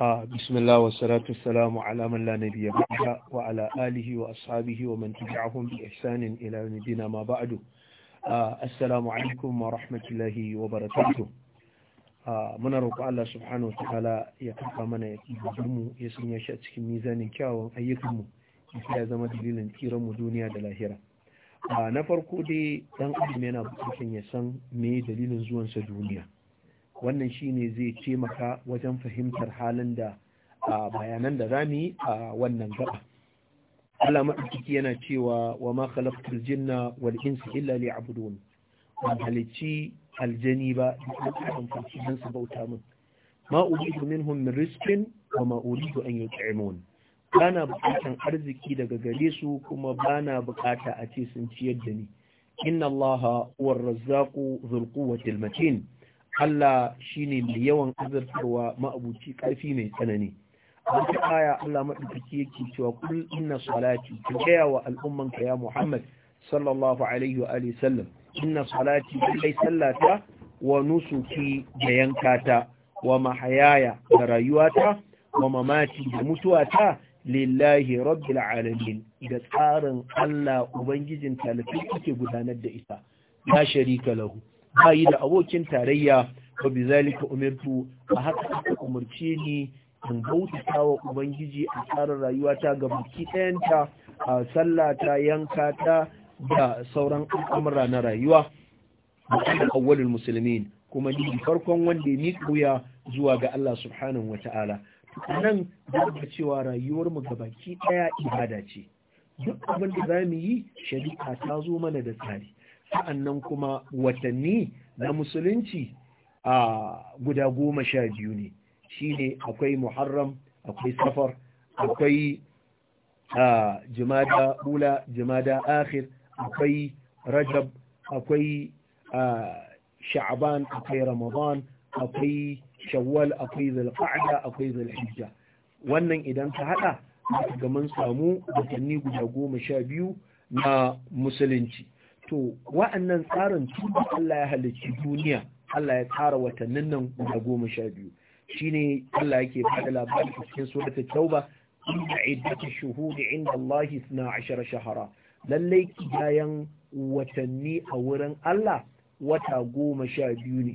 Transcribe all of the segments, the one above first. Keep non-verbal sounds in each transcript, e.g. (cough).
بسم الله والصلاة والسلام على من لا نبي wa وعلى آله وأصحابه ومن تبعهم بإحسان إلى نبينا ما بعد السلام عليكم ورحمة الله وبركاته muna roƙo Allah subhanahu wataala ya kafa mana ya kiyaye mu ya sanya shi a cikin mizanin kyawun ayyukanmu ya zama dalilin tsiran mu duniya da lahira na farko dai dan adam yana buƙatar ya san me dalilin zuwansa duniya wannan shine zai taimaka wajen fahimtar halin da bayanan da zamu yi a wannan gaba Allah maɗaukaki yana cewa wa ma khalaqtul jinna wal insa illa liya'budun ban halici aljani ba dan fasidan su bauta min ma uridu minhum min rizqin wa ma uridu an yut'imun bana bukatan arziki daga gare su kuma bana bukata a ce sun ciyar da ni inna allaha huwar razzaqu dhul quwwati matin Allah shine mai yawan azartarwa ma'abuci ƙarfi mai tsanani wata aya Allah maɗaukaki yake cewa kul inna salati ka gaya wa al'umman ka ya Muhammad sallallahu alaihi wa alihi sallam inna salati lallai sallata wa nusuki da yankata wa mahayaya da rayuwata wa mamaci da mutuwata lillahi rabbil alamin da tsarin Allah ubangijin talafi yake gudanar da ita la sharika lahu bayi da abokin tarayya wa zalika umirtu a haka aka umarce ni in bautata wa ubangiji a tsarin ta ga baki ɗayanta a sallah ta yanka ta da sauran al'amura na rayuwa da awwalul musulmin kuma ni farkon wanda ya miƙa zuwa ga Allah subhanahu wata'ala ta'ala nan da cewa rayuwar mu baki ɗaya ibada ce duk abin da za yi shari'a ta zo mana da tsari sa'annan kuma watanni na musulunci a guda goma sha biyu ne Shi ne akwai muharram akwai safar akwai jimada ula jimada akhir akwai rajab akwai sha'ban akwai ramadan akwai shawwal akwai zulqa'da akwai zulhijja wannan idan ka hada ga mun samu watanni guda goma sha biyu na musulunci to wa'annan tsarin tun Allah ya halicci duniya Allah ya tsara watannin nan guda goma sha biyu shine Allah yake faɗa labarin cikin surata tauba inna iddatu shuhuri inda Allah 12 shahara lallai kiyayan watanni a wurin Allah wata goma sha biyu ne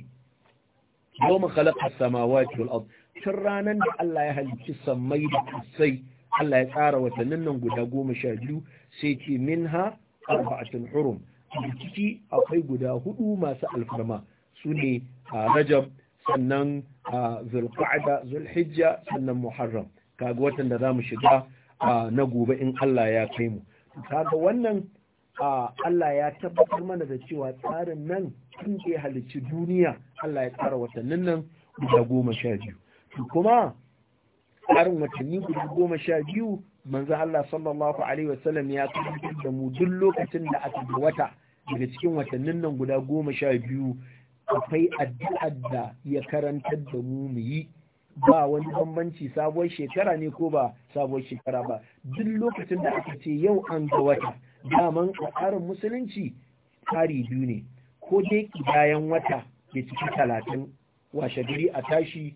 goma khalaqa samawati wal ard tun ranar da Allah ya halicci sammai da kusai Allah ya tsara watannin nan guda goma sha biyu sai ce minha arba'atun hurum rikici akwai guda hudu masu alfarma su ne a rajab sannan a zulqa'da zulhijja sannan muharram kaga watan da zamu shiga na gobe in Allah ya kai mu kaga wannan Allah ya tabbatar mana da cewa tsarin nan tun da halicci duniya Allah ya tsara watannin nan guda goma sha biyu kuma tsarin watanni guda goma sha biyu manzo Allah sallallahu alaihi wasallam ya tabbatar da mu duk lokacin da aka wata daga cikin watannin nan guda goma sha biyu akwai addu'a da ya karantar da mu muyi. ba wani bambanci sabuwar shekara ne ko ba sabuwar shekara ba duk lokacin da aka ce yau an ga wata daman a tsarin musulunci tsari biyu ne ko dai kidayan wata ya ciki talatin washe gari a tashi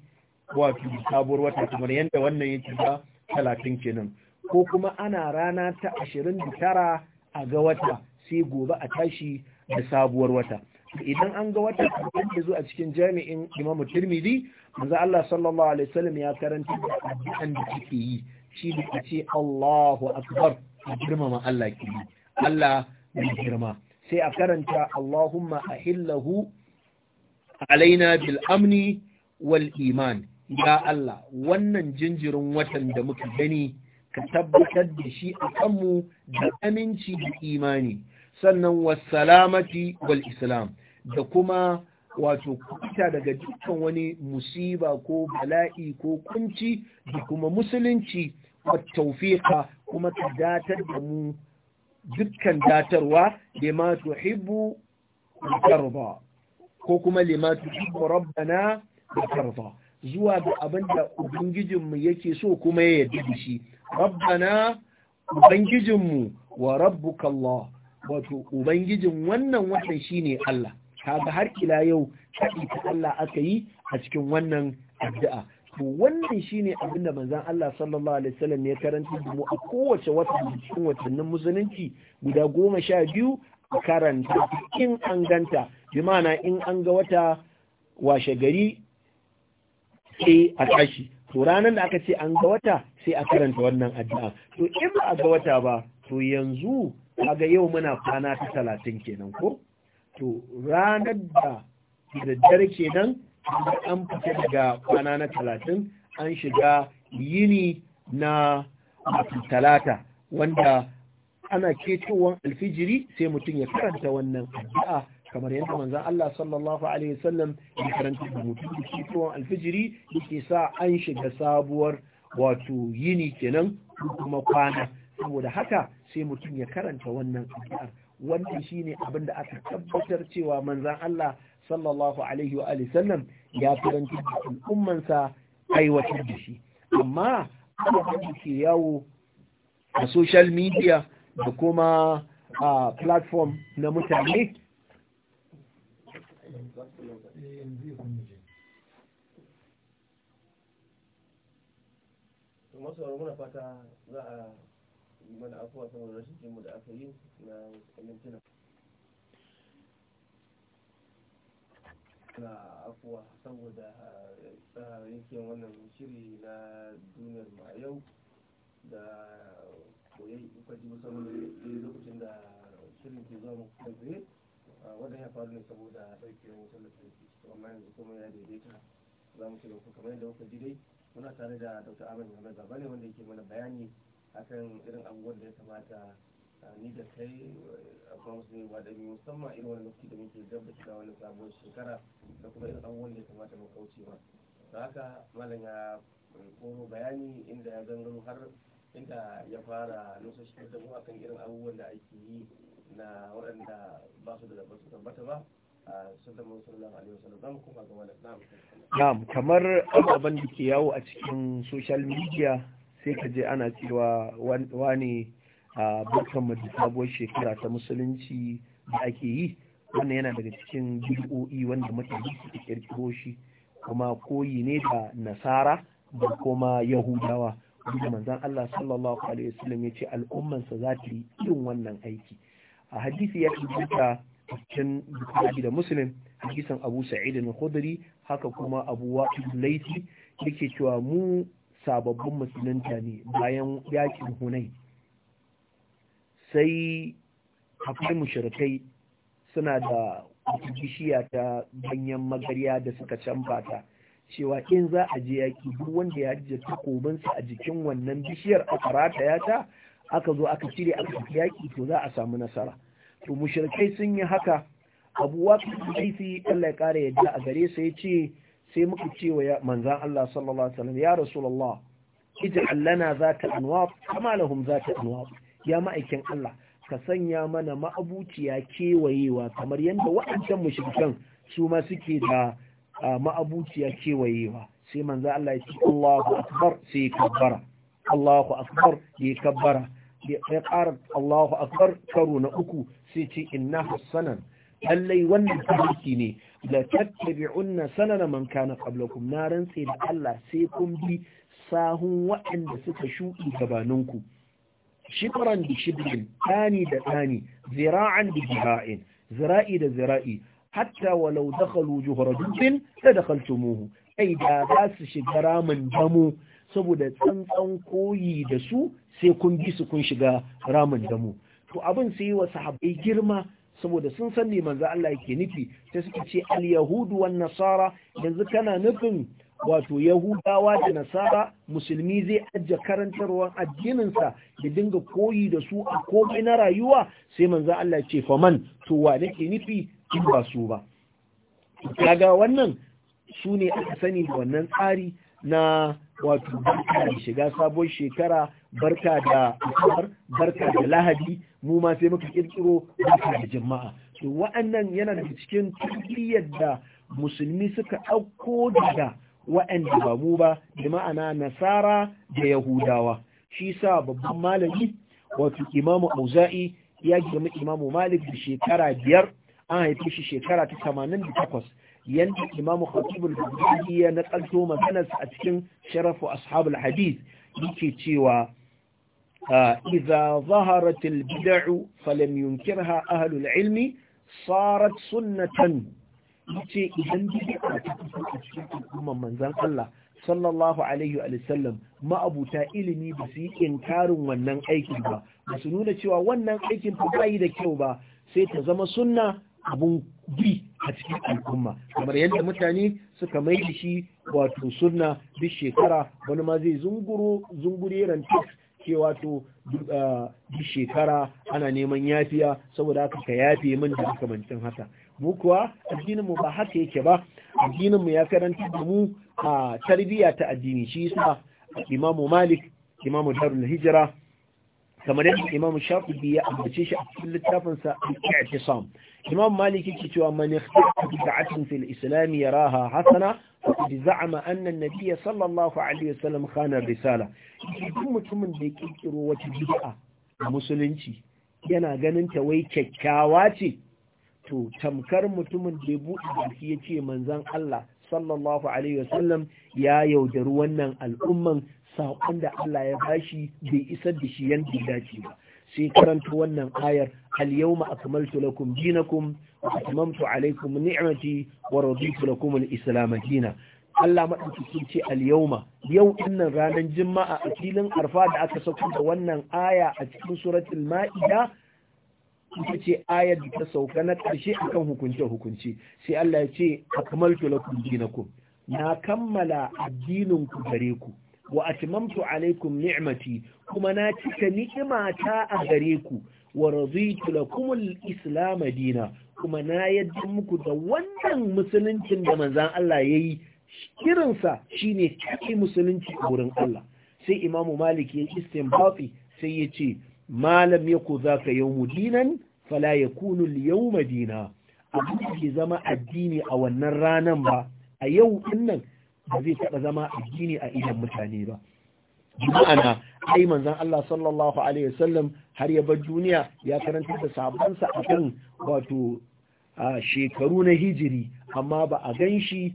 wato sabuwar wata kamar yadda wannan ya cika talatin kenan ko kuma ana rana ta ashirin da tara a ga wata sai gobe a tashi da sabuwar wata idan an ga wata kan ya zuwa a cikin jami'in imamu tirmidhi manzo Allah sallallahu alaihi wasallam ya karanta addu'an da kike yi shi da kace Allahu akbar girmama Allah ki Allah mai girma sai a karanta Allahumma ahillahu alaina bil amni wal iman ya Allah wannan jinjirin watan da muka gani ka tabbatar da shi a kanmu da aminci da imani sannan wasalamati wal islam da kuma wato kuta daga dukkan wani musiba ko bala'i ko kunci da kuma musulunci wa tawfiqa kuma ta datar da mu dukkan datarwa da ma tuhibbu karba ko kuma lima tuhibbu rabbana karba zuwa ga abinda ubangijinmu yake so kuma ya yarda shi rabbana ubangijinmu wa rabbuka Allah wato ubangijin wannan watan shine Allah kaga har ila yau kadi ta Allah aka yi a cikin wannan addu'a to wannan shine abinda da manzon Allah sallallahu alaihi wasallam ya karanta mu a kowace wata cikin watannin musulunci guda goma sha biyu a karanta in an ganta bi ma'ana in an ga wata washe gari sai a tashi to ranar da aka ce an ga wata sai a karanta wannan addu'a to in ba a ga wata ba to yanzu kaga yau muna kwana ta talatin kenan ko to ranar da daddare kenan an fita daga kwana na talatin an shiga yini na talata wanda ana cewa alfijiri sai mutum ya karanta wannan addu'a kamar yadda manzan Allah sallallahu Alaihi wasallam ya karanta mutum da cewa alfijiri yake sa an shiga sabuwar wato yini kenan kuma kwana saboda haka sai mutum ya karanta wannan addu'ar wannan shine abin da aka tabbatar cewa manzon Allah sallallahu alaihi wa sallam ya karanta al'ummansa aiwatar da shi amma abubuwan da ke yawo a social media da kuma a platform na mutane masu fata za a mana afuwa saboda rashin jinmu da aka yi na mintuna na afuwa saboda ah, wannan shiri na duniyar ma yau da koyai kwaji musamman da lokacin da shirin ke zuwa muku kai ah, wannan ya faru ne saboda ɗauke wutar lantarki amma yanzu kuma ya daidaita za mu ci gaba kamar yadda kuka ji dai muna tare da dr amin yamma gaba ne wanda yake mana bayani akan irin abubuwan da ya kamata ah, ni da kai eh, a kuma musulmi ba da musamman irin wani lokaci da muke gaba shiga wani sabuwar shekara da kuma irin abubuwan da ya kamata mu kauce ba da haka malam ya eh, koro bayani inda ya gangaro har inda ya fara nusa da mu akan irin abubuwan da ake yi na waɗanda ba su da su tabbata ba ah, Na'am kamar ababen da ke yawo a cikin social media sai ka je ana cewa wani a barkan mu shekara ta musulunci da ake yi wannan yana daga cikin bid'o'i wanda mutane suke kirkiro shi kuma koyi ne da nasara da kuma yahudawa wanda manzon Allah sallallahu alaihi wasallam ya ce al'ummansa za ta yi irin wannan aiki a hadisi ya rubuta cikin Bukhari da Muslim hadisin Abu Sa'id al-Khudri haka kuma Abu Waqid al-Laythi yake cewa mu sababbin musulunta ne bayan yakin hunai sai akwai mushirkai suna da bishiya ta ganyen magarya da suka canfa ta cewa in za a je yaki duk wanda ya ajiye takobinsa a jikin wannan bishiyar aka ya ta aka zo aka cire aka tafi yaki to za a samu nasara to mushirkai sun yi haka abu waqi Allah ya kare yadda a gare sa yace sai muka ce wa manzan Allah sallallahu alaihi wasallam ya rasulullah ij'al lana zata anwar kama lahum zata anwar ya ma'aikin Allah ka sanya mana ma'abuciya kewayewa kamar yadda waɗancan mushrikan su ma suke da ma'abuciya kewayewa sai manzo Allah ya ce Allahu akbar sai kabbara Allahu akbar ya kabbara ya ƙara Allahu akbar karo na uku sai ce inna hasanan lallai wannan hadisi ne la tattabi'unna sanana man kana qablakum na rantse da Allah sai kun bi sahun waɗanda suka shuɗi gabaninku shibran bi shibrin tani da tani zira'an bi zira'in zira'i da zira'i hatta walau dakhalu juhra dubbin la dakhaltumuhu ai da za su shiga ramin damo saboda tsantsan koyi da su sai kun bi su kun shiga ramin damo to abin sai wa sahabbai girma saboda sun san ne manzo Allah yake nufi sai suka ce al yahudu wan nasara yanzu kana nufin wato yahudawa da nasara musulmi zai ajiye karantarwar addininsa ya dinga koyi da su a komai na rayuwa sai manzo Allah ce faman to wa nake nufi in ba su ba kaga wannan su ne aka sani da wannan tsari na wato shiga sabon shekara barka da asabar barka da lahadi mu ma sai muka kirkiro barka da jama'a to wa'annan yana da cikin tarbiyyar da musulmi suka ɗauko daga wa'anda ba mu ba da ma'ana nasara da yahudawa shi sa babban malami wato imamu auza'i ya girma imamu malik da shekara biyar an haife shi shekara ta tamanin da takwas yanda imamu khatibul bukhari ya nakalto maganarsa a cikin sharafu ashabul hadith yake cewa ah, idza zaharat albid'u falam yunkirha ahlul ilmi sarat sunnatan yace idan bid'a ta fito cikin al'ummar manzon Allah sallallahu alaihi wa sallam ma'abuta ilimi ba su yi inkarin wannan aikin ba ba su nuna cewa wannan aikin ba yi da kyau ba sai ta zama sunna abun bi a cikin al'umma kamar yadda mutane suka mai da shi wato sunna duk shekara wani ma zai zunguru ran ke wato duk shekara ana neman yafiya saboda haka ka yafe min da mancin haka mu kuwa addinin mu ba haka yake ba addinin mu ya karanta da mu a tarbiyya ta addini shi yasa imamu malik imamu darul hijira kamar yadda imam shafi ya ambace shi a cikin littafinsa al-i'tisam imam maliki ke cewa man ikhtara bid'atin fil islam yaraha hasana faqad za'ama anna an-nabiy sallallahu alaihi wasallam khana risala duk mutumin da ya ƙirƙiro wata bid'a a musulunci yana ganin ta wai kyakkyawa ce to tamkar mutumin da ya buɗe baki ya ce manzon Allah sallallahu alaihi wasallam ya yaudari wannan al'umman saƙon da Allah ya bashi bai isar da shi yanda ya dace ba sai karanta wannan ayar al-yawma akmaltu lakum dinakum wa atmamtu alaikum ni'mati wa raditu lakum al-islam dinan Allah maɗaukaki ce al ma, yau innan ranar juma'a a filin arfa da aka sauko da wannan aya a cikin suratul ma'ida ita ce ayar da ta sauka na ƙarshe akan hukunce hukunce sai Allah ya ce akmaltu lakum dinakum na kammala addinin ku gare ku wa atmamtu alaikum ni'mati kuma na cika ni'imata a gare ku wa raditu lakum al-islam dina kuma na yadda muku da wannan musuluncin da manzon Allah yayi kirinsa shine kai musulunci gurin wurin Allah sai imamu malik ya istinbati sai ya ce malam yaku zaka ya dinan fala yakunu al-yawma dina abin da zama addini a wannan ranan ba a yau dinnan ba zai taɓa zama addini a idan mutane ba ma'ana ai manzon Allah sallallahu alaihi wasallam har ya bar duniya ya karanta da a akan wato shekaru na hijiri amma ba a ganshi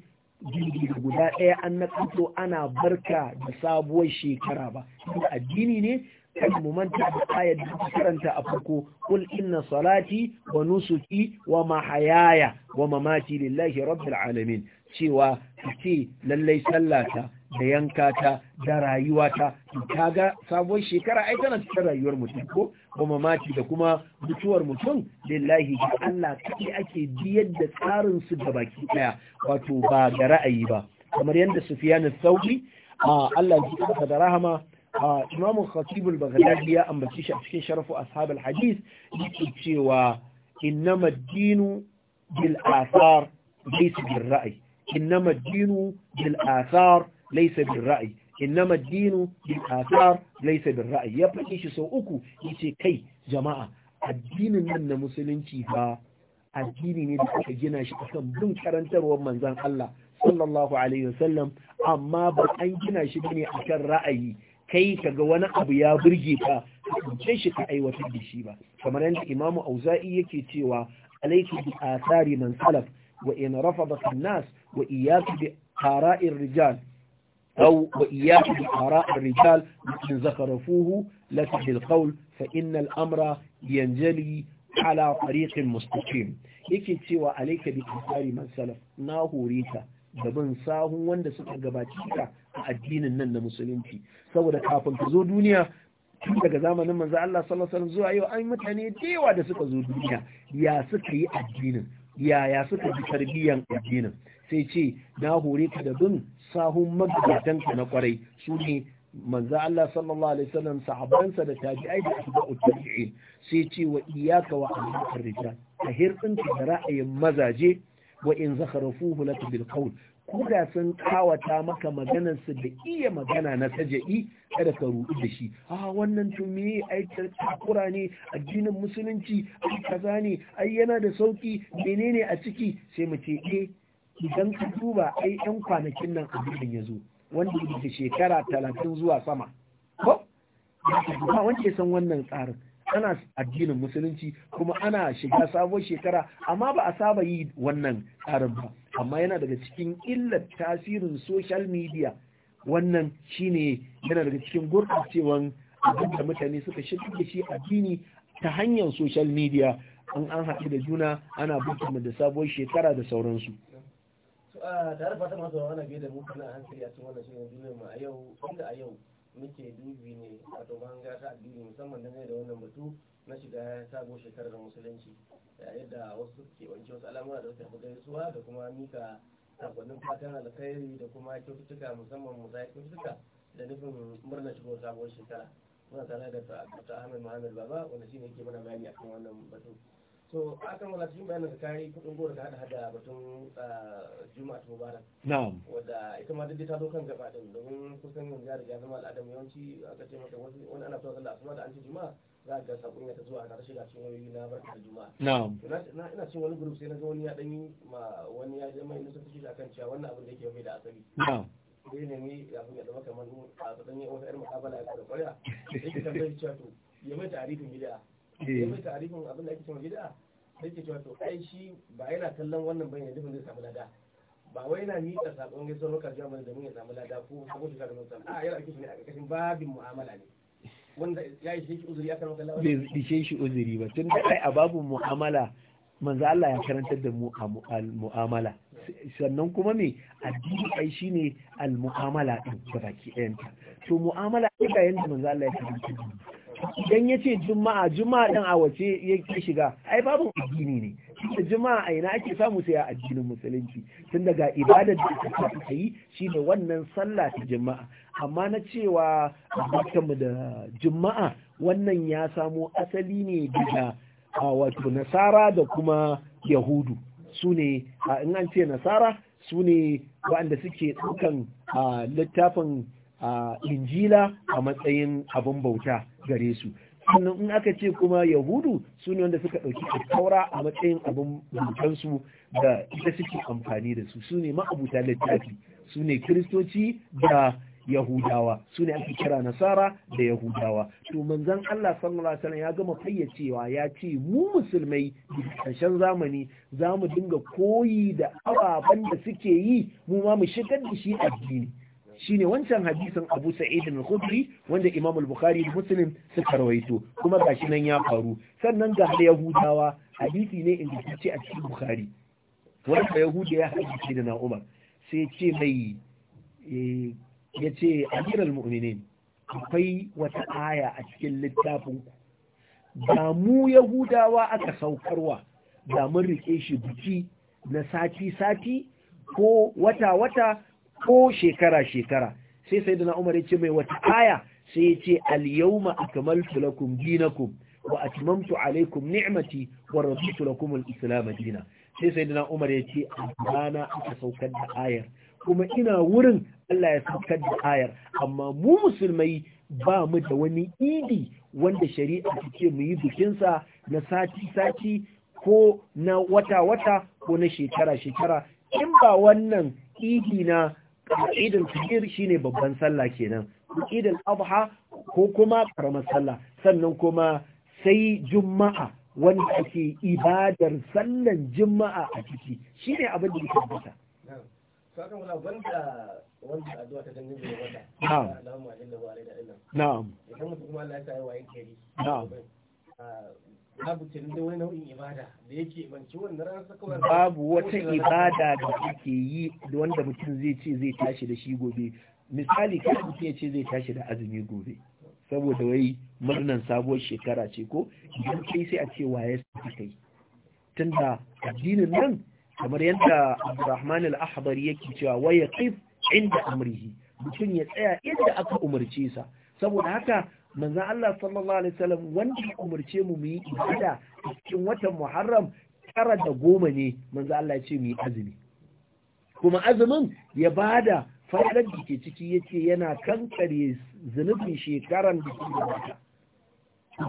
jirgi guda ɗaya an na ana barka da sabuwar shekara ba inda addini ne kan mu manta da ayar da karanta a farko kul inna salati wa nusuki wa mahayaya wa mamati lillahi rabbil alamin cewa ce lallai sallata da yanka ta, da rayuwata ta ga sabon shekara ai tana cikin rayuwar mutum ko kuma mati da kuma mutuwar mutum lillahi ga Allah kai ake biyar da tsarin su da baki daya wato ba ga ra'ayi ba kamar yadda Sufyan al-Thawri Allah ya ji da rahama Imam Khatib al-Baghdadi ya ambaci shi a cikin sharafu ashab al-hadith yake cewa innama ad-dinu bil athar laysa Inna إنما الدين بالآثار ليس بالرأي إنما الدين بالآثار ليس بالرأي يبقى إيش سوءكو kai jama'a. Addinin nan من musulunci ها addini ne da aka gina shi akan bin karantarwar manzon Allah sallallahu alaihi amma ba an gina shi bane akan ra'ayi kai kaga wani abu ya burge ka ce shi ka aiwatar da shi ba kamar yadda Imam Auza'i yake cewa alayki bi athari man salaf wa in rafada an-nas wa iyyaka bi ara'ir rijal أو وإياك بآراء الرجال إن ذكرفوه لك بالقول فإن الأمر ينجلي على طريق مستقيم yake cewa alaika bi tsari man salaf na hore ka da bin sahun wanda suka gabaci ka a addinin nan na musulunci saboda kafin ka zo duniya tun daga zamanin manzo Allah sallallahu alaihi zuwa yau an mutane da yawa da suka zo duniya ya suka yi addinin yaya suka bi tarbiyyan addinin sai ce na hore ka da bin sahun magabatanka na kwarai su ne manzo Allah sallallahu alaihi wasallam sahabbansa da tabi'ai da tabi'u tabi'in sai ce wa iyyaka wa ahadar rijal a da ra'ayin mazaje wa in zakharafuhu lak bil qawl kuda sun kawata maka su da iya magana na sajai kada ka ruɗu da shi a wannan tumi ai takura ne addinin musulunci ai kaza ne ai yana da sauki menene a ciki sai mu ce eh idan ka duba ai yan kwanakin nan abin ya zo wanda da shekara talatin zuwa sama ko ba wanda ya san wannan tsarin ana addinin musulunci kuma ana shiga sabuwar shekara amma ba a saba yi wannan tsarin ba amma yana daga cikin illar tasirin social media wannan shine yana daga cikin gurɓacewan abin da mutane suka shigar da shi addini ta hanyar social media an an haɗu da juna ana bukama da sabuwar shekara da sauransu da harfa ta masu wani biyu da muka na an shirya sun wannan shirin mu a yau inda a yau muke dubi ne a tsohon gasa addini musamman ne da wannan batu na shiga sabo shekarar musulunci da yadda wasu ke wanke wasu al'amura da suka fi gaisuwa da kuma mika sakonnin fatan alkhairi da kuma kyaututtuka musamman musaya kyaututtuka da nufin murnar shigo sabuwar shekara muna tare da dr ahmed muhammad baba wanda shine yake mana bayani akan wannan batu so akan wala cikin bayanin ka kai kudin goro da hada da batun juma'a mubarak na'am wanda ita ma dai ta zo kan gaba din domin kusan yanzu ya riga zama al'adam yawanci aka ce mata wani ana so sallah asuba da an ce juma'a za ga sabon ya ta zuwa ga shiga cikin wayoyi na barka juma'a na ina cin wani group sai na ga wani ya dan ma wani ya je mai nisa take akan cewa wannan abin da yake mai da asali na'am sai ne ya abin ya zama kamar a tsadan yi wata yar mukabala a kan kwarya yake tambayar cewa to ya mai tarifin gida. Eh. ya mai tarifin abin da ake cewa bid'a yake cewa to ai shi ba yana kallon wannan bane ya dukkan zai samu lada ba wai na miƙa sakon gaisuwar lokacin da mun ya samu lada ko sabon shi ka da mun samu a yau ake shi ne a ƙarƙashin babin mu'amala ne wanda ya uzuri bai ishe shi uzuri ba tun da a babu mu'amala manzo Allah ya karanta da mu mu'amala sannan kuma me addini ai shine al mu'amala din da baki ɗayanta to mu'amala ita yanda manzo Allah ya karanta idan yace juma'a juma'a din a wace yake shiga ai babu addini ne da jima'a a ina ake samu sai a addinin musulunci tun daga ibadar da ta yi shine wannan sallah ta jima'a amma na cewa mu da jima'a wannan ya samo asali ne daga wato nasara da kuma yahudu su ne in an ce nasara su ne waɗanda suke ɗaukan littafin injila a matsayin abin bauta gare su sannan in aka ce kuma yahudu su ne wanda suka ɗauki taura a matsayin abin rubutansu da ita suke amfani da su su ne ma'abuta littafi su ne kiristoci da yahudawa su ne ake kira nasara da yahudawa to manzon Allah sallallahu alaihi ya gama fayyacewa ya ce mu musulmai ƙarshen zamani za mu dinga koyi da ababen da suke yi mu ma mu shigar da shi addini shine wancan hadisin Abu Sa'id al-Khudri wanda Imam al-Bukhari da Muslim suka rawaito kuma gashi nan ya faru sannan ga Yahudawa hadisi ne inda yake a cikin Bukhari wanda Yahuda ya hadisi da Umar sai ce mai eh, yace amiral mu'minin akwai wata aya a cikin littafin da mu Yahudawa aka saukarwa da mun rike shi biki na sati-sati ko wata-wata ko shekara shekara sai sayyidina Umar ya ce mai wata aya sai ya ce al-yawma akmaltu lakum dinakum wa atmamtu alaykum ni'mati wa raditu lakum al-islam sai sai sayyidina Umar ya ce amana aka saukar da ayar kuma ina wurin Allah ya saukar da ayar amma mu musulmai ba mu da wani idi wanda shari'a ce mu yi bikinsa na sati-sati ko na wata-wata ko na shekara-shekara in ba wannan idi na idul shi ne babban sallah kenan idul adha ko kuma karamar sallah sannan kuma sai juma'a wanda ake ibadar sallan juma'a a ciki shi ne abin da yake tabbata na'am na'am babu ibada da yake wata ibada da ake yi da wanda mutum zai ce zai tashi da shi gobe misali kada mutum ya ce zai tashi da azumi gobe saboda wai murnan sabuwar shekara ce ko idan kai sai a ce waye su kai tunda addinin nan kamar yadda Abdurrahman al-Ahbar yake cewa ya kif inda amrihi mutum ya tsaya inda aka umarce sa saboda haka manzon Allah sallallahu alaihi wasallam wanda ya umarce mu mu yi ibada cikin watan Muharram tara da goma ne manzon Allah ya ce mu yi azumi kuma azumin ya bada fadar da ke ciki yake yana kankare zunubin shekaran da ke gabata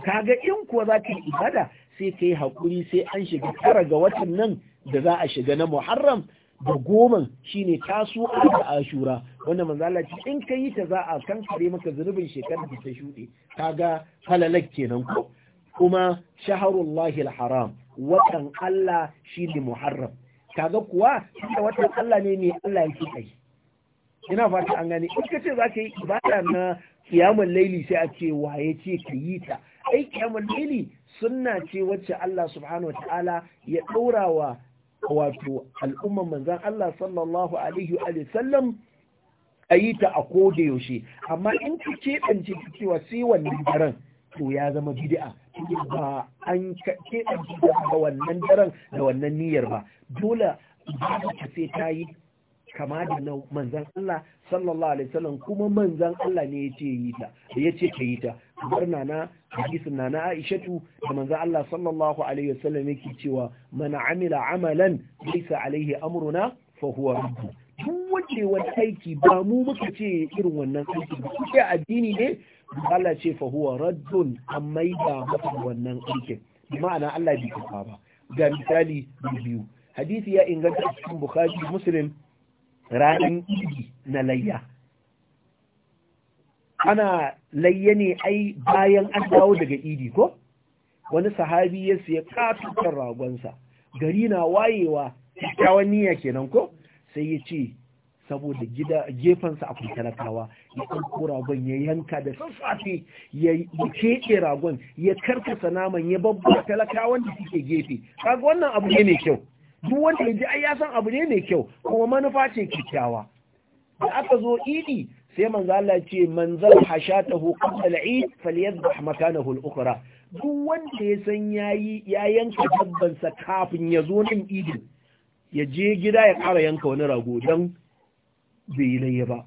kaga in kuwa za ka yi ibada sai ka yi haƙuri sai an shiga tara ga watan nan da za a shiga na Muharram da goman shine a da ashura wanda manzala ce in ka yi ta za a kare maka zunubin shekarar da ta shuɗe kaga halalak kenan ko kuma lahil haram watan Allah shi ne muharram ga kuwa da watan Allah ne ne Allah yake kai ina fata an gani. in ka ce za ka yi ibada na kiyamun laili sai a ce waye ce ka yi ta ai kiyamun laili sunna ce wacce Allah subhanahu wa ta'ala ya ɗora wa wato al'umman manzan Allah sallallahu alaihi wa sallam a yi ta a koda yaushe amma in ka keɓance cewa sai wannan daren to ya zama bid'a ba an keɓance da wannan daren da wannan niyyar ba dole ba ka sai ta yi kama da na manzan Allah sallallahu alaihi wasallam kuma manzan Allah ne ya ce ta yace ta yi ta bar nana hadisin nana Aishatu da manzo Allah sallallahu alaihi wasallam yake cewa man amila amalan laysa alaihi amruna fa huwa rabb duk wanda wani aiki ba mu muka ce irin wannan aiki ba ce addini ne Allah ce fa huwa raddun amma da masa wannan aikin ma'ana Allah bai kafa ba ga misali biyu hadisi ya inganta cikin Bukhari Muslim ranar idi na layya ana layyane ai bayan an dawo daga idi ko wani sahabi ya siya katukan ragonsa gari na wayewa kyakkyawan niyya kenan ko sai ya ce saboda gida gefensa akwai talakawa ya ɗauko ragon ya yanka da sassafe ya keke ragon ya karkasa naman ya babba talakawan da suke gefe kaga wannan abu ne mai kyau duk wanda ya ji ai ya san abu ne mai kyau kuma manufa ce kyakkyawa da aka zo idi sai manzo Allah ce manzal hashatahu qabla al-eid falyadhbah makanahu al-ukhra duk wanda ya san yayi ya yanka dabban sa kafin ya zo nan idin ya je gida ya ƙara yanka wani rago dan bai laye ba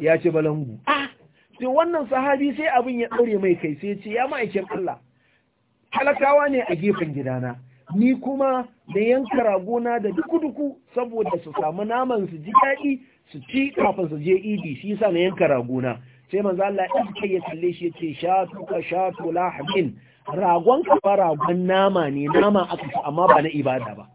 ya ce balangu ah sai wannan sahabi sai abin ya daure mai kai sai ce ya ma'aikin Allah talakawa ne a gefen gidana ni kuma da yanka rago na da duku-duku saboda su samu naman su ji daɗi su ci kafin su je idi shi sa na yanka raguna sai manzo Allah ya kai ya kalle shi yace shatu ka shatu lahmin ragon ka fara ragon nama ne nama aka ci amma ba na ibada ba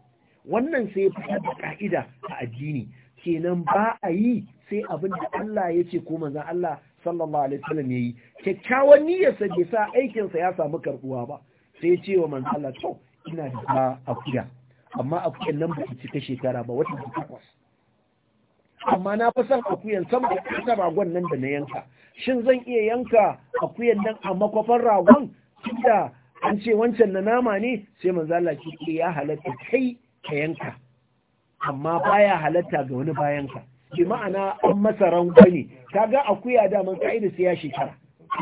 wannan sai fitar da ka'ida a addini kenan ba a yi sai abin da Allah ya ce ko manzo Allah sallallahu alaihi wasallam yayi kyakkyawan niyyarsa bai sa aikin sa ya samu karbuwa ba sai ya ce wa manzo Allah to ina da akuya amma akuyan nan ba ta shekara ba wata takwas amma na fi son akuyan sama da ƙasa ragon nan da na yanka shin zan iya yanka akuyan nan a makwafan ragon tunda an ce wancan na nama ne sai manzo Allah ki eh, ya halatta kai ka yanka amma baya halatta ga wani bayanka bi ma'ana an masa Ka ga akuya da man ka'ida sai ya shekara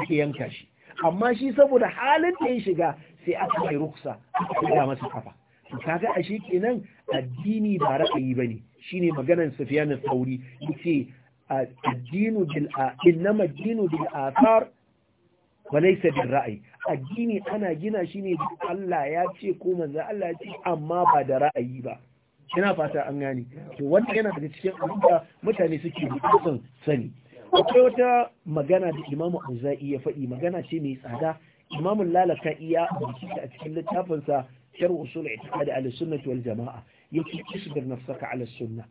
Ake yanka shi amma shi saboda halin da ya shiga sai aka yi ruksa aka masa kafa to kaga ashe kenan addini ba ra'ayi bane shine maganar Sufyan al-Thawri yace ad-dinu bil innama dinu bil athar wa laysa bil addini ana gina shine Allah ya ce ko manzo Allah ya ce amma ba da ra'ayi ba ina fata an gane to wanda yana daga cikin abinda mutane suke son sani akwai wata magana da Imam Auza'i ya faɗi magana ce mai tsada Imam Lalaka iya a cikin littafinsa sharh usul i'tiqad al-sunnah wal jama'a yake isbir nafsaka ala sunnah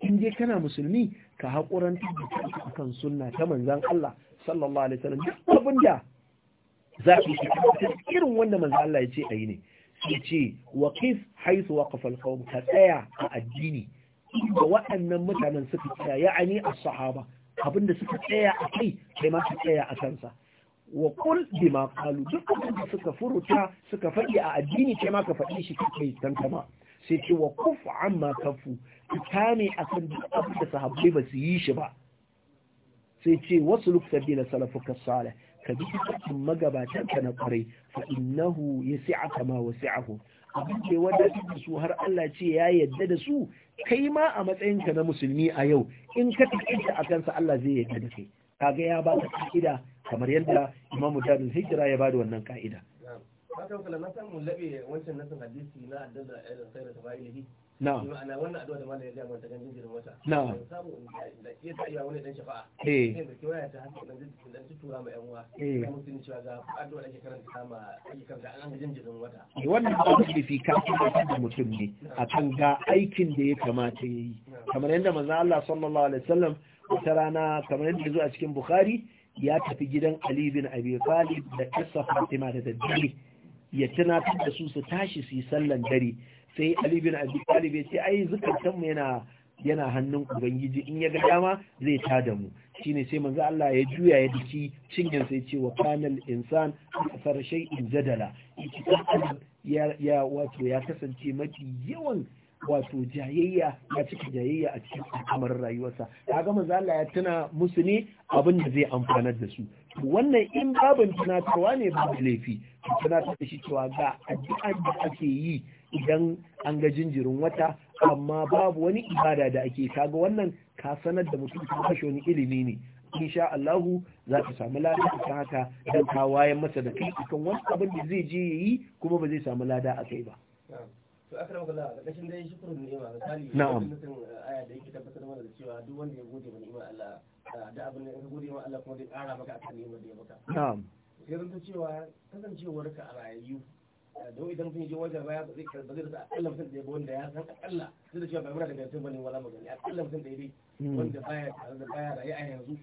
in dai kana musulmi ka haƙuran tabbata akan sunna ta manzan Allah sallallahu alaihi wasallam duk abin da za ka yi irin wanda manzan Allah ya ce ayi ne sai ce wa kif haythu waqafa ka tsaya a addini da waɗannan mutanen suka tsaya ya'ani as-sahaba abinda suka tsaya a kai kai ma ka tsaya a kansa wa kul bima qalu duk da suka furuta suka faɗi a addini kai ma ka faɗi shi kai tantama sai ce wa kuf amma kafu ka akan duk abin da sahabbai ba su yi shi ba sai ce wasu luk sabila salafuka salih ka bi cikin magabatan ka na kwarai fa innahu yasi'aka ma wasi'ahu abin da wanda da su har Allah ce ya yadda da su kai ma a matsayinka na musulmi a yau in ka tafi akan sa Allah zai yadda da kai kaga ya ba ka kida kamar yadda imamu darul hijira ya bada wannan ka'ida fatan kala na labe wancan nasan hadisi na addu'a da khairu tabailihi na'am ma'ana wannan addu'a da malamin ya manta ganin jirin wata na'am samu da iya ta iya wani dan shafa'a eh sai da kiwaya ta hankali dan jirin dan tutura mai yan uwa eh kuma sun cewa ga addu'a da ake karanta ma ake da an ga jirin wata eh wannan abu da fi kafin da mutum ne akan ga aikin da ya kamata yayi kamar yadda manzo Allah sallallahu alaihi wasallam wata rana kamar yadda ya zo a cikin Bukhari ya tafi gidan Ali bin Abi Talib da ƙasa Fatima da daddare ya tunatar da su su tashi su yi sallan dare sai Ali bin Abi Talib ya ce ai zukatan mu yana yana hannun Ubangiji in ya ga dama zai ta da mu shine sai manzo Allah ya juya ya diki cinyan sai ce wa kanal insan akthar shay'in jadala ya ya wato ya kasance mafi yawan wato jayayya ya cika jayayya a cikin al'amarin rayuwarsa ta maza Allah ya tuna musu ne abin da zai amfanar da su wannan in babin tunatarwa ne ba laifi tunatar da shi cewa ga addu'an da ake yi idan an ga jinjirin wata amma babu wani ibada da ake kaga wannan ka sanar da mutum ka kashe wani ilimi ne insha Allahu za ka samu lada a kan haka dan ka wayan masa da kai akan wani abin da zai je yayi kuma ba zai samu lada a kai ba to aka rama kula ƙarƙashin dai shukurin ni'ima misali na'am ah, aya da yake tabbatar mana da cewa duk wanda ya gode Allah ah, da abin da ya gode Allah kuma zai ƙara maka akan da ya na'am sai cewa kasancewar ka a rayu ah, don idan je wajen baya ba zai mutum wanda ya san akalla da cewa bai muna bane wala magani akalla mutum hmm. wanda baya tare da baya rayu a yanzu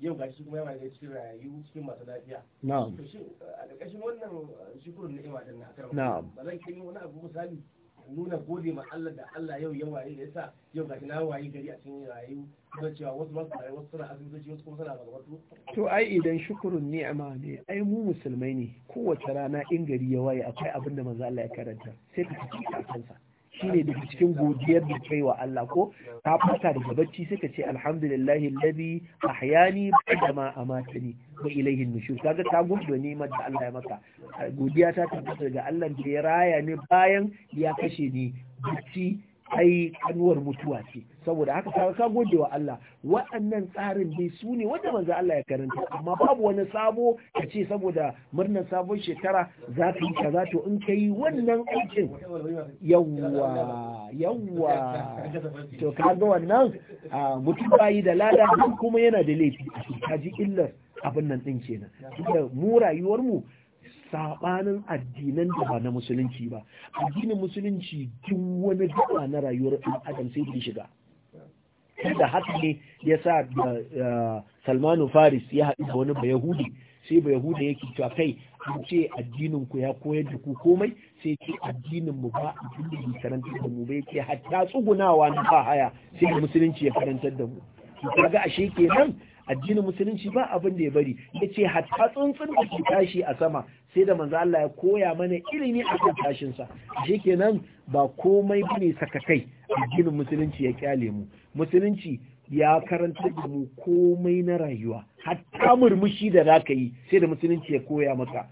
yau ga shi kuma yana cikin rayu cikin masu lafiya. Na'am. To shi a ƙarƙashin wannan shukurin ni'ima din na Na'am. Ba zan kai wani abu misali nuna gode ma Allah da Allah yau ya waye da yasa yau ga na waye gari a cikin rayu kuma cewa wasu ba su rayu wasu suna asibitoci wasu kuma suna magabatu to ai idan shukurun ni'ama ne ai mu musulmai ne kowace rana in gari ya waye akwai abin da manzo Allah ya karanta sai ka ci a kansa shine daga cikin godiyar da kai wa Allah ko ka fata daga bacci sai ka ce alhamdulillahi alladhi ahyani ba'da ma amatani wa ilayhi nushur kaga ka gudu ni'imar da Allah ya maka godiya ta tabbata daga Allah da ya raya ni bayan ya kashe ni bacci ai kanuwar mutuwa ce saboda haka ka ka gode wa Allah waɗannan tsarin dai su ne wanda manzo Allah ya karanta amma babu wani sabo ka ce saboda murnar sabon shekara za ka yi kaza to in ka wannan aikin yawwa yawwa to ka ga wannan mutum bai da lada kuma yana da laifi ka ji illar abin nan din kenan mu rayuwar mu saɓanin addinan da ba na musulunci ba addinin musulunci duk wani gaba na rayuwar ɗan adam sai da shiga da haka ne ya sa salmanu faris ya haɗu da wani bayahudi sai bayahudi yake cewa kai an ce addinin ku ya koyar da ku komai sai ce addinin mu ba abin da ke karantar da mu bai ke hatta tsugunawa na ba haya sai musulunci ya karantar da mu kaga ashe kenan addinin musulunci ba abin da ya bari ya ce hatta tsuntsun da ke tashi a sama sai da manzo Allah ya koya mana ilimi a kan tashin sa shi kenan ba komai bane sakakai addinin musulunci ya kyale mu musulunci ya karanta da mu komai na rayuwa hatta murmushi da zaka yi sai da musulunci ya koya maka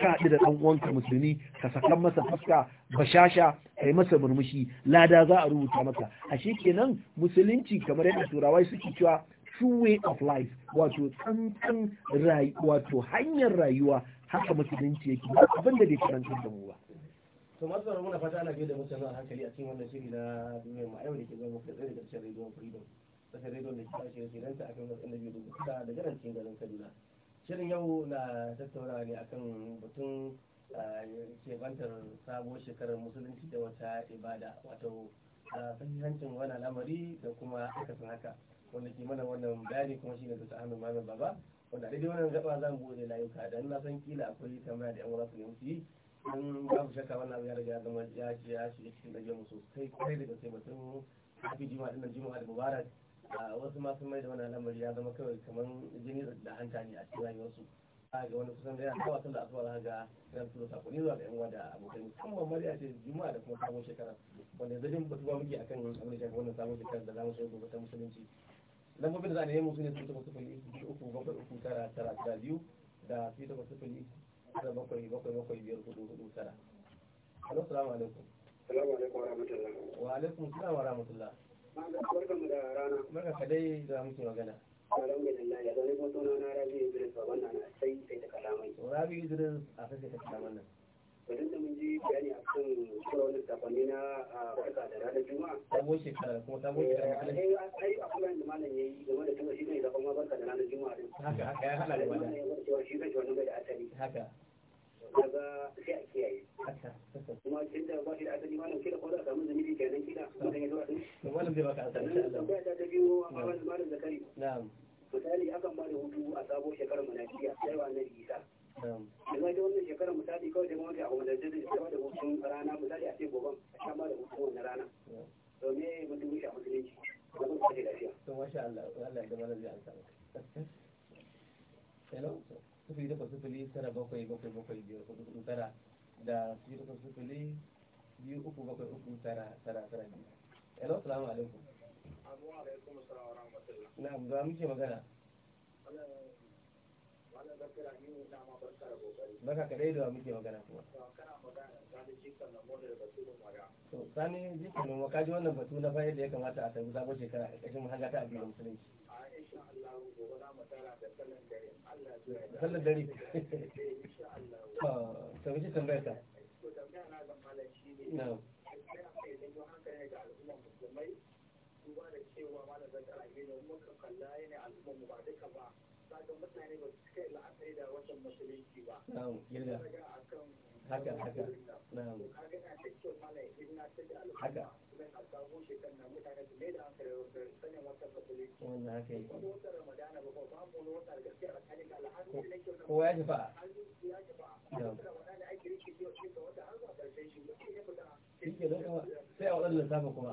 ka haɗu da ɗan uwanka musulmi ka saka masa fuska bashasha kai masa murmushi lada za a rubuta maka a kenan musulunci kamar yadda turawai suke cewa true way of life wato tsantsan wato hanyar rayuwa haka musulunci yake abin da bai karanta da mu ba to masu muna fata ana da mutane a hankali a cikin wannan shiri na duniyar ma yau da ke zama da tsaye da cikin rediyon freedom kasar rediyon da ke ke shirin ta kan wasu biyu da kusa da garan cikin garin kaduna shirin yau na tattauna ne akan batun ah, kebantar sabuwar shekarar musulunci da wata ibada wato ah, sahihancin wani lamari da kuma akasin haka wanda ke mana wannan bayani kuma shi ne da Ahmed Mamin Baba wanda a daidai wannan gaba zan bude layuka dan na san kila akwai tambaya da yan wasu ne su yi in babu shakka wannan abu ya zama ya zama ya ce ya shiga cikin dage mu sosai kwarai da gaske mutum jima jima'a dinnan jima'a da mubarak wasu ma sun mai da wannan alamari ya zama kawai kamar jini da hanta ne a cikin rayuwarsu ga wani kusan da yana kawasan da asuwa za ga yana turo sakonni zuwa ga yan wada da abokai musamman mariya ce jima'a da kuma sabon shekara wanda zai jin batuwa muke akan abin da shafi wannan sabon shekara da zamu shiga gobe ta musulunci lambobin da za a nemo su ne su takwas sufuri shi uku bakwai uku tara tara tara biyu da su takwas sufuri tara bakwai bakwai bakwai biyar hudu hudu tara. Alo, salamu alaikum. Salamu alaikum wa rahmatullah. Wa alaikum salam wa rahmatullah. Barkan da rana. Barka ka dai da muke magana. a sai nan. bari da mun ji bayani akan cewa wani sakonni na barka da ranar juma'a ta goce ka kuma ta goce ka yi ai akwai wanda malam yayi game da cewa shi zai zaba ma barka da ranar juma'a din haka haka ya hada da wannan cewa shi zai wannan bai da asali haka kaga sai a kiyaye kuma tun da ba shi da asali malam kila ko za a samu zamiri kenan kila kuma ya zuwa din malam zai baka asali insha Allah tambaya ta ta biyo a malam zakari na'am misali akan ba da hutu a sabon shekarar manajiya sai wa nan isa yanzu da wannan shekarar misali kawai da gwamnati a da ita da rana misali a ce goban a sha da hutun wannan rana mutum musulunci kuma lafiya. to masha Allah Allah mana zai hello da sufuri tara bakwai bakwai bakwai tara da da biyu uku bakwai uku tara tara tara biyu hello alaikum. alaikum za mu ce magana. baka ka dai da muke magana kuma to sani jikin mu ka ji wannan batu na fa'ida ya kamata a tabi sabon shekara a kashin mahanga ta addinin musulunci sallar dare to miji tambayar ka na'am ta alheri mu ba duka na'am girga haka haka na'am haka wannan haka yi kowa ya shafa shi sai a waɗannan kuma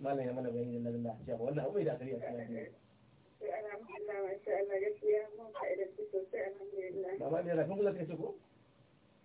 malam ya mana bayani na lalla cewa wannan abu da akari a cikin addini eh, alhamdulillah sha Allah gaskiya mun fa'idanci sosai alhamdulillah ba ma da rafin kula kai ko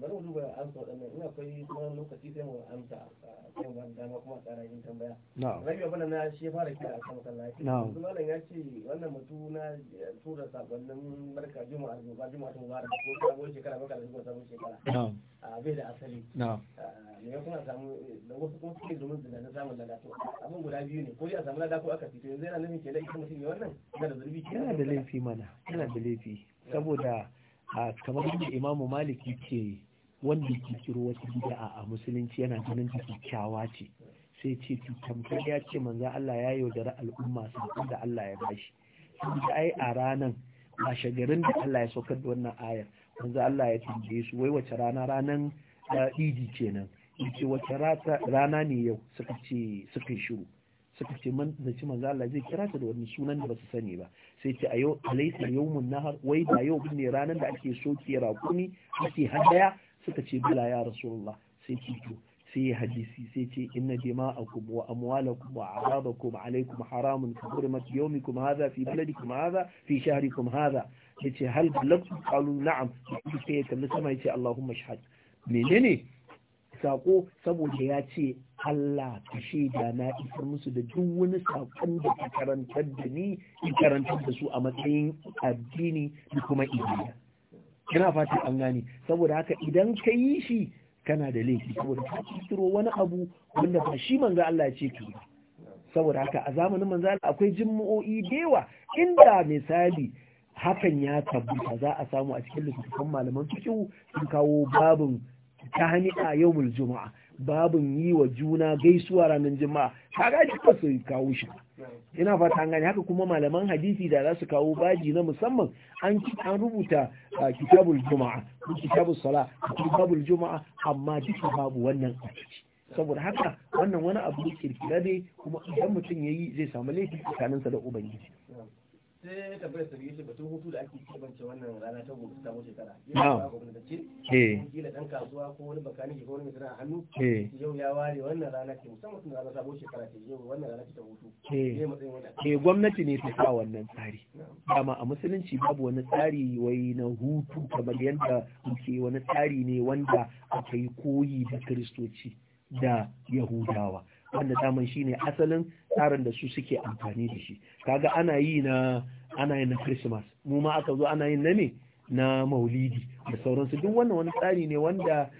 bari mu duba an amsa waɗannan ina akwai kuma lokaci sai mu amsa kan ban dama kuma tsara yin tambaya rabi abana na shi fara kira akan masallaci yanzu malam ya ce wannan mutu na tura sakonnin barka juma'a juma'a juma'a ta mubarak ko sabon shekara barka da zuwa sabon shekara A bai da asali ne kuma samu da wasu kuma suke domin da na samun lada to abin guda biyu ne ko ya a samu lada ko aka fito yanzu yana nufin ke da ita mutum ne wannan yana da zurbi yana da laifi mana yana da laifi saboda a kamar yadda imamu maliki ke wanda ke kiro wata bid'a a musulunci yana ganin ta kyakkyawa ce sai ce tamkar ya ce manzo Allah ya yaudara al'umma su da Allah ya bashi saboda ai a ranan ba shagarin da Allah ya saukar da wannan ayar manzo Allah ya tambaye su wai wace rana ranan eh, idi kenan yace wace rana ne yau suka ce suka shiru suka ce man zaci manzo Allah zai kira ta da wani sunan da basu sani ba sai ce ayo alaysa yawmun nahar wai ba yau ne ranar da ake soke rakumi ake hadaya suka ce bala ya rasulullah sai ce to sai hadisi sai ce inna dima'akum wa amwalakum wa a'radakum alaykum haramun hurmat yawmikum hadha fi baladikum hadha fi shahrikum hadha yace hal balagtum qalu na'am sai ya kalli sama yace allahumma shahad menene sako saboda ya ce Allah ka shaida na isar musu da duk wani saƙon da ka karantar da ni in karantar da su a matsayin addini da kuma ibada ina fata an gani saboda haka idan ka yi shi kana da laifi saboda ka kiro wani abu wanda ba shi manzo Allah ya ce ki ba saboda haka a zamanin manzo Allah akwai jimmu'o'i dewa inda misali hakan ya tabbata za a samu a cikin littattafan malaman fikihu sun kawo babin tahni'a yawmul juma'a babun yi wa juna gaisuwa ranar juma'a kaga ji ba sai kawo shi ina fata an haka kuma malaman hadisi da za su kawo baji na musamman an an rubuta kitabul juma'a ko kitabul sala kitabul juma'a amma duka babu wannan a saboda haka wannan wani abu ne kirkira ne kuma idan mutum yayi zai samu laifi tsakaninsa da ubangiji sai tambayar su yi batun hutu da ake kebance wannan rana ta gobe ta wuce tara yana ba gwamnati ce kila dan kasuwa ko wani bakani ko wani mai hannu yau ya ware wannan rana ce musamman tun rana ta wuce tara ce yau wannan rana ta hutu ne matsayin wannan eh gwamnati ne ta sa wannan tsari dama a musulunci babu wani tsari wai na hutu kamar yadda muke wani tsari ne wanda aka yi koyi da kiristoci da yahudawa wanda daman shine asalin tsarin da su suke amfani da shi kaga ana yi na ana yin na christmas mu ma aka zo ana yin na ne na maulidi da sauransu duk wannan wani tsari ne wanda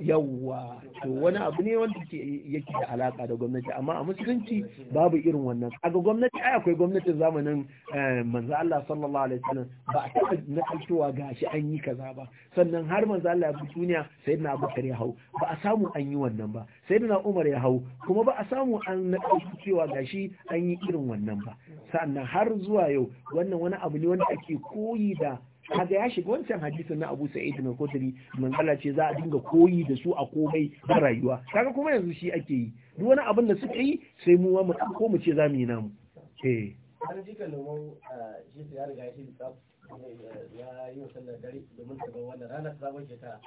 yawa to wani abu ne wanda yake da alaka da gwamnati amma a musulunci babu irin wannan ga gwamnati ai akwai gwamnatin zamanin eh, manzo Allah sallallahu alaihi wasallam ba a taba na cewa gashi an yi kaza ba sannan har manzo Allah ya duniya sayyidina Abubakar ya hau ba a samu an yi wannan ba sayyidina Umar ya hau kuma ba a samu an na cewa gashi an yi irin wannan ba sannan har zuwa yau wannan wani abu ne wanda ake koyi da kaga ya shiga wancan hadisin na Abu Sa'id na Khudri manzala ce za a dinga koyi da su a komai da rayuwa kaga kuma yanzu shi ake yi duk wani abin da suka yi sai mu mu ko mu ce za mu yi namu eh an jika eh, ya riga shi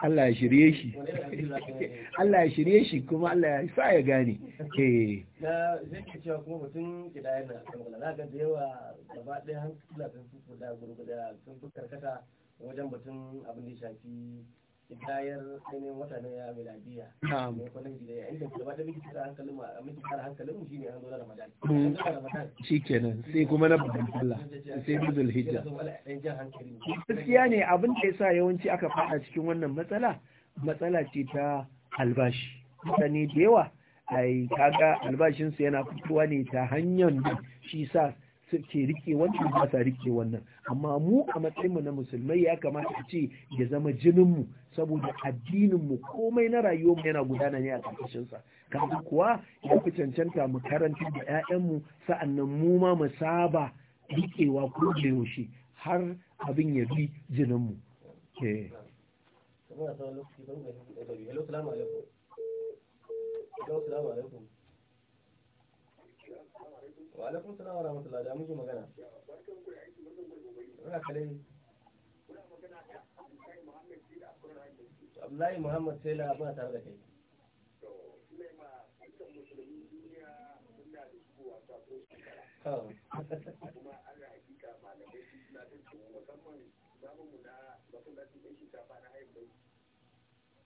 Allah ya shirye shi Allah ya shirye shi kuma Allah ya sa ya gane eh na zai ke cewa kuma mutum kidaya na kamar na ga da yawa gaba ɗaya hankali sun fi da gurgurda sun fi karkata wajen mutum abin da shafi bayar ainihin wata na miladiya ne kwanan gidaya inda gaba da miki tsara hankalin mu mm. a miki tsara hankalin mu shine an zo da ramadan shikenan sai kuma na babban sallah sai bizul hijja gaskiya ne abin da yasa yawanci aka faɗa cikin wannan matsala matsala ce ta albashi mutane da yawa ai kaga albashinsu yana fitowa ne ta hanyar shi sa ke rike wancan ba sa rike wannan amma mu a matsayin mu na musulmai ya kamata a ce ya zama jininmu saboda addininmu komai na rayuwarmu yana gudana ne a ƙarƙashinsa kamar kuwa ya fi cancanta mu karanta da 'ya'yanmu sa'annan mu ma mu saba rikewa ko da yaushe har abin ya bi jininmu. Eh. Hello, salamu alaikum. wa alaikum salam wa rahmatullah da muke magana ina kale Abdullahi Muhammad sai la tare da kai kuma ana hakika malamai (laughs) su suna jin na masallaci ɗan na haifai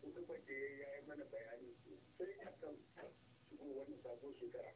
kuma ya yi mana bayani sai akan shigo wannan sabon shekara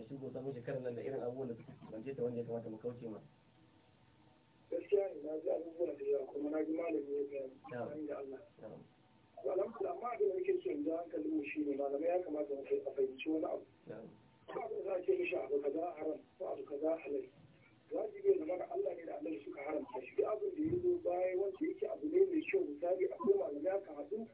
samu shekarar nan da irin abubuwan da ta wanda ya kamata mu kauce ma gaskiya ne na ji abubuwa da yawa kuma na ji malami ya gaya da Allah alhamdulillah amma abin da nake so in ji hankalin malamai ya kamata mu a fahimci wani abu ko abin da ake mishi abu kaza haram ko abu kaza halal wajibi da mana Allah ne da Allah suka haramta shi duk abin da ya zo baya wanda yake abu ne mai kyau misali a koma ya kamata haɗu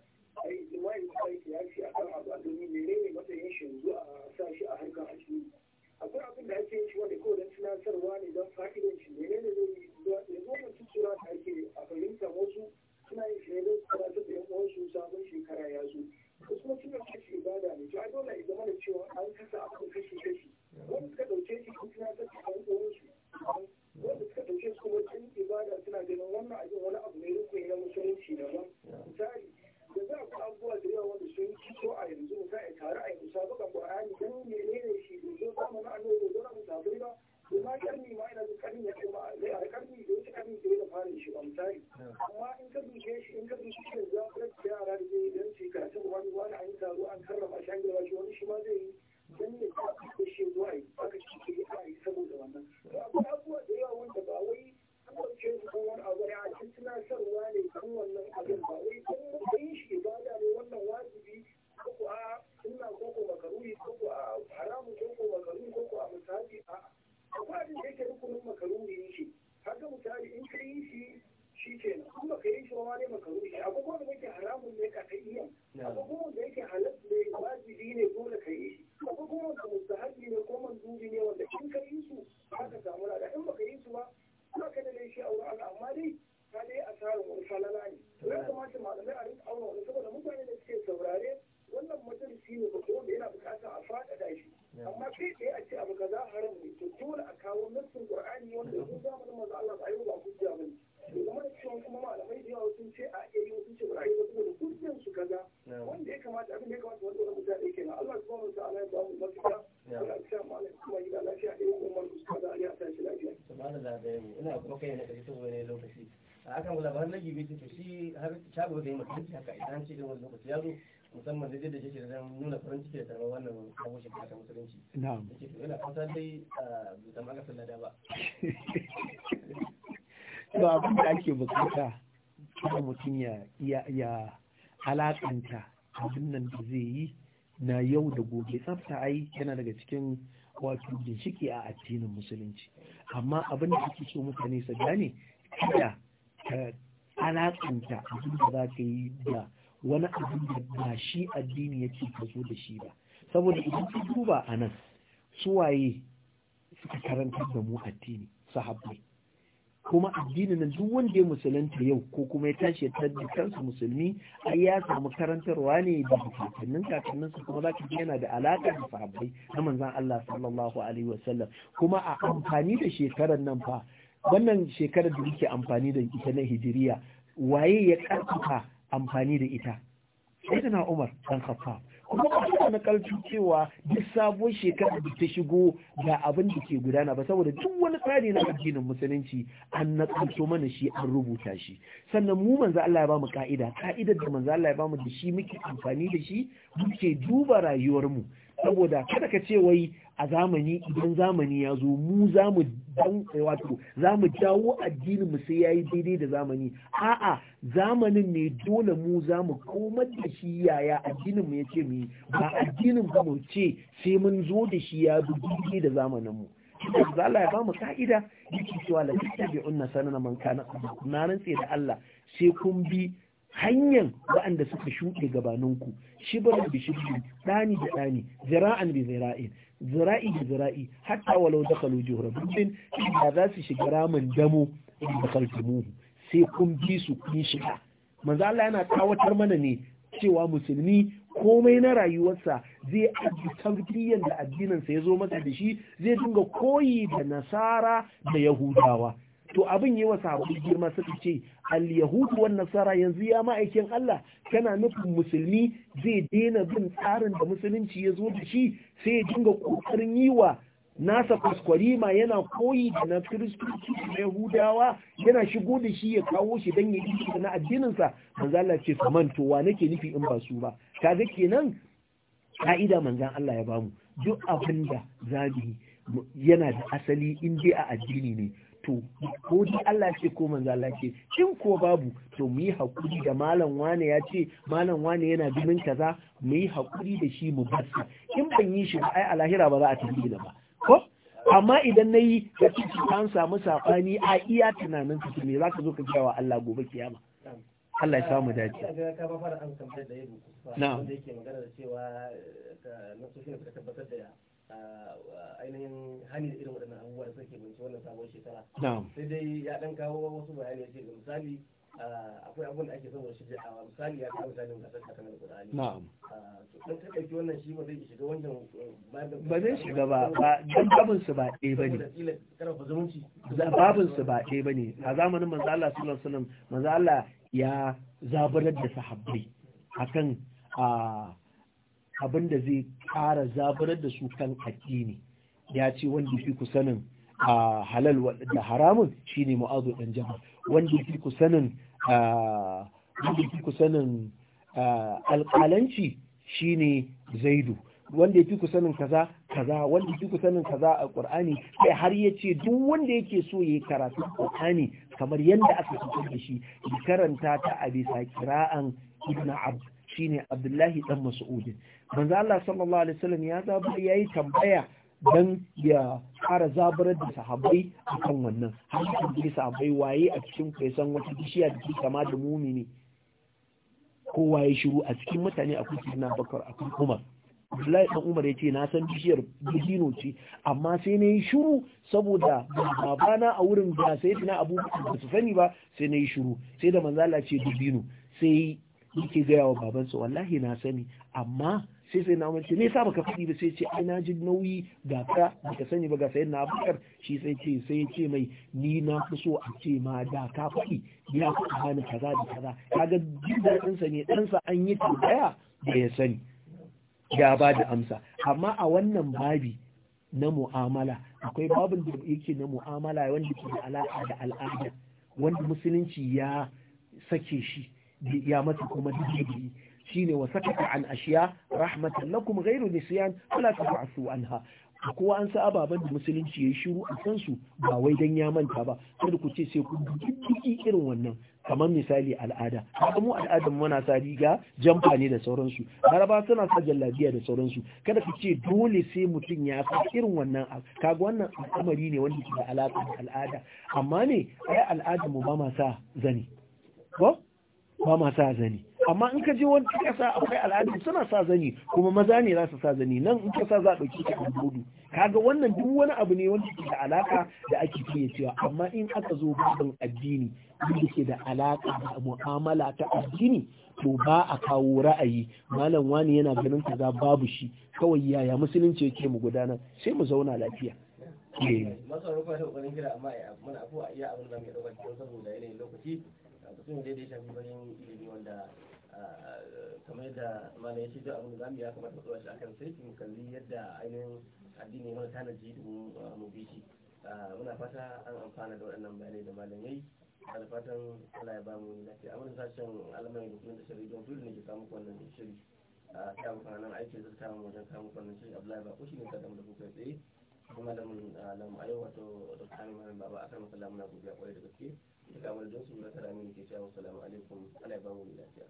a yi jima'i a yi a kan abu a domin menene matsayin shi yanzu a sa shi a harkar addini akwai abin da ake yin shi wani ko don tunatarwa ne don fa'idan shi ne ne zai yi ya zo mutum sura da ake a fahimta wasu suna yin shi ne don tunatar da yan uwansu sabon shekara ya zo wasu kuma suna kashe ibada ne to a dole ya zama da cewa an kasa abin kashe kashe wanda suka ɗauke shi don suna da yan uwansu wanda suka ɗauke su kuma ibada suna ganin wannan abin wani abu ne rukuni na musulunci daban misali da za ku abubuwa da yawa wanda sun fito a yanzu za a tare a yi musabakan ƙwarani don menene shi da zo zama na annoba da zama musabari ba to ma karni ma ina jin karni ya ce ma zai a karni da wata karni da ya fara shi ba misali amma in ka duke shi in ka duke shi za ku rage yara da zai idan su yi karatun wani wani an yi taro an karrama shi an girma shi wani shi ma zai yi don ya ta da zuwa yi aka ciki ke a yi saboda wannan. Akwai abubuwa da yawa wanda ba wai cin kowar a wani a cikin tunasarwa ne kan wannan abin ba wai kan muka yi shi ibada ne wannan wajibi ko ko a sunna ko ko makaruri ko ko a haramu ko ko makaruri ko ko a misali a akwai abin da yake rukunin makaruri ne shi haka misali in ka yi shi shi ke nan kuma ka yi shi ma ne makaruri akwai kuma da yake haramun ne ka kai iya akwai kuma da yake halal ne wajibi ne dole ka yi shi akwai kuma da mustahabi ne ko manzuri ne wanda in ka yi su za ka samu lada in suna kokarin na kashi saboda ne lokaci a hakan wala ba har na gibi to shi har shago da yi mutunci haka idan ce da wani lokaci ya zo musamman da da shi da nuna farin ciki da taron wannan abu shi haka musulunci na'am yake to yana fata dai bai zama aka sallada ba Ba (laughs) abin da ake bukata kuma mutum ya ya alakanta abin nan da zai yi na yau da gobe tsafta ai yana daga cikin wato ginshiki a addinin musulunci amma abin da ake so mutane su gane kada ka alakanta abin da za ka yi da wani abin da ba shi addini ya ce ka zo da shi ba saboda idan ka duba a nan suwaye suka karanta da mu addini sahabbai kuma addinin nan duk wanda ya musulunta yau ko kuma ya tashi ya tabbata kansa musulmi ai ya samu karantarwa ne da kakannin kakannin su kuma zaka yana da alaka da sahabbai na manzon Allah sallallahu alaihi wasallam kuma a amfani da shekarar nan fa wannan shekarar da muke amfani da ita na hijiriya waye ya karfafa amfani da ita sai na Umar dan Khattab kuma ka suna na cewa duk sabon shekara da ta shigo ga abin da ke gudana ba saboda duk wani tsari na addinin musulunci an na kalto mana shi an rubuta shi sannan mu manzo Allah ya bamu ka'ida ka'idar da manzo Allah ya bamu da shi muke amfani da shi muke duba rayuwar mu saboda kada ka ce wai a zamani idan zamani ya zo mu za mu dan eh, wato za mu jawo addinin mu sai yayi daidai da zamani a'a zamanin ne dole mu za mu komar da shi yaya addinin mu yace mu ba addinin ba mu ce sai mun zo da shi ya bi daidai da zamanin mu da Allah ya ba mu ka'ida yake cewa la tattabi'unna sanana man kana na rantse da Allah sai kun bi hanyar waɗanda suka shuɗe gabaninku da bi shi ɗani da ɗani zira'an bi zira'in zira'i da zira'i hatta walau kalu jihar bin da za su shiga ramin damo in dakhaltumuhu sai kun bi su kun shiga manzo yana tawatar mana ne cewa musulmi komai na rayuwarsa zai aji tarbiyyar da addinansa ya zo masa da shi zai dinga koyi da nasara da yahudawa to abin yi wa sahabbai girma suka ce al-yahudu wan nasara yanzu ya ma'aikin Allah kana nufin musulmi zai daina bin tsarin da musulunci ya zo da shi sai ya dinga kokarin yi wa nasa ma yana koyi da na kiristoci da yahudawa yana shigo da shi ya kawo shi dan ya yi da na addininsa manzo Allah ce wa nake nufi in ba su ba kaga kenan ka'ida manzan Allah ya bamu duk abinda da zabi yana da asali in dai a addini ne to ko dai Allah ce ko manzo Allah ce in ko babu to mu yi hakuri da malam wane ya ce malam wane yana jinin kaza mu yi hakuri da shi mu basa in ban yi shi ai a lahira ba za a tafi da ba ko amma idan nayi da ciki an samu sabani a iya tunanin ka me zaka zo ka ga wa Allah gobe kiyama Allah ya samu dace. Na'am. ainihin hani da irin waɗannan abubuwa da suke bunci wannan sabon shekara sai dai ya ɗan kawo wasu bayanai ce da misali akwai abubuwan da ake son wasu a misali ya kawo misalin gasar ta kanar kudani to ɗan ka ɗauki wannan shi ba zai shiga wannan. Eh, ba zai shiga ba don babin su ba ɗaya ba ne babin su ba ɗaya ba ne a zamanin manzo Allah sallallahu alaihi wasallam manzo Allah ya zabarar da sahabbai akan a abin da zai kara zaburar da su kan addini ya ce wanda fi kusanin a halal da haramun shine mu'azu dan jabal wanda fi ku sanin wanda fi kusanin sanin alƙalanci shine zaidu wanda fi kusanin kaza kaza wanda fi kusanin kaza a Qur'ani sai har ya ce duk wanda yake so yayi karatu Qur'ani kamar yadda aka fitar da shi ya karanta ta a bisa kira'an Ibn Abd shine Abdullahi dan Mas'ud manzo Allah sallallahu alaihi wasallam ya zaba yayi tambaya dan ya ƙara zabar da a kan wannan har da sahabbai waye a cikin ku san wata bishiya da ke kama da mumini kowa ya shiru a cikin mutane akwai na Bakar akwai Umar Abdullahi dan Umar ya ce na san bishiyar dubino ce amma sai na yi shiru saboda babana a wurin da sai na abu da su sani ba sai na yi shiru sai da manzala ce dubino sai yake gaya wa babansa wallahi na sani amma sai sai na umarci ne sa baka faɗi ba sai ce ai na ji nauyi ga ka baka sani ba ga sayin na abubakar shi sai ce sai ce mai ni na fi so a ce ma da ka faɗi ya fi bani kaza da kaza kaga jin daɗin sa ne ɗansa an yi tambaya da ya sani ya ba da amsa amma a wannan babi na mu'amala akwai babin da yake na mu'amala wanda ke da alaƙa da al'ada wanda musulunci ya sake shi ya mata kuma dijiji shine wasu sakata an ashiya rahmatan lakum ghairu nisyan wala tafasu anha kowa an sa ababen da musulunci ya shiru a kansu su ba wai dan ya manta ba kada ku ce sai ku duki irin wannan kamar misali al'ada haka mu al'adar muna sa riga jamfa ne da sauransu laraba suna sa jallabiya da sauransu kada ku ce dole sai mutum ya sa irin wannan kaga wannan al'amari ne wanda ke da alaƙa da al'ada amma ne ai al'adar mu ba ma sa zani ko ba ma sa zani amma in ka je wani ƙasa akwai al'adu suna sa zani kuma maza ne za su sa zani nan in ka sa za a ɗauki ka a gudu kaga wannan duk wani abu ne wanda ke da alaka da ake fiye cewa amma in aka zo babin addini wanda ke da alaka da mu'amala ta addini to ba a kawo ra'ayi malam wani yana ganin kaza babu shi kawai yaya musulunci yake mu gudana sai mu zauna lafiya eh. masu rufa da ƙoƙarin gida amma ya mana abuwa iya abin da mai ɗaukar saboda yanayin lokaci mutum da ya shafi bayan ilimi wanda kamar yadda malam ya ce duk abin da zamu ya kamata mu shi akan sai mu kalli yadda ainihin addini mana tanaji domin mu bi shi muna fata an amfana da waɗannan bayanai da malam yayi da fatan Allah ya ba mu lafiya amma sashen alamai da kuma da shari'a don dole ne ke samu wannan shiri a kawo kwanan aikin zai kama wajen kama kwanan shiri Abdullahi ba ko shi ne ka damu da kuka tsaye kuma da mun lamu a yau wato da kanin baba akan masallamu na gobe a kwarai da gaske da kamar jinsu na tara mini ke cewa assalamu alaikum ana ba mu lafiya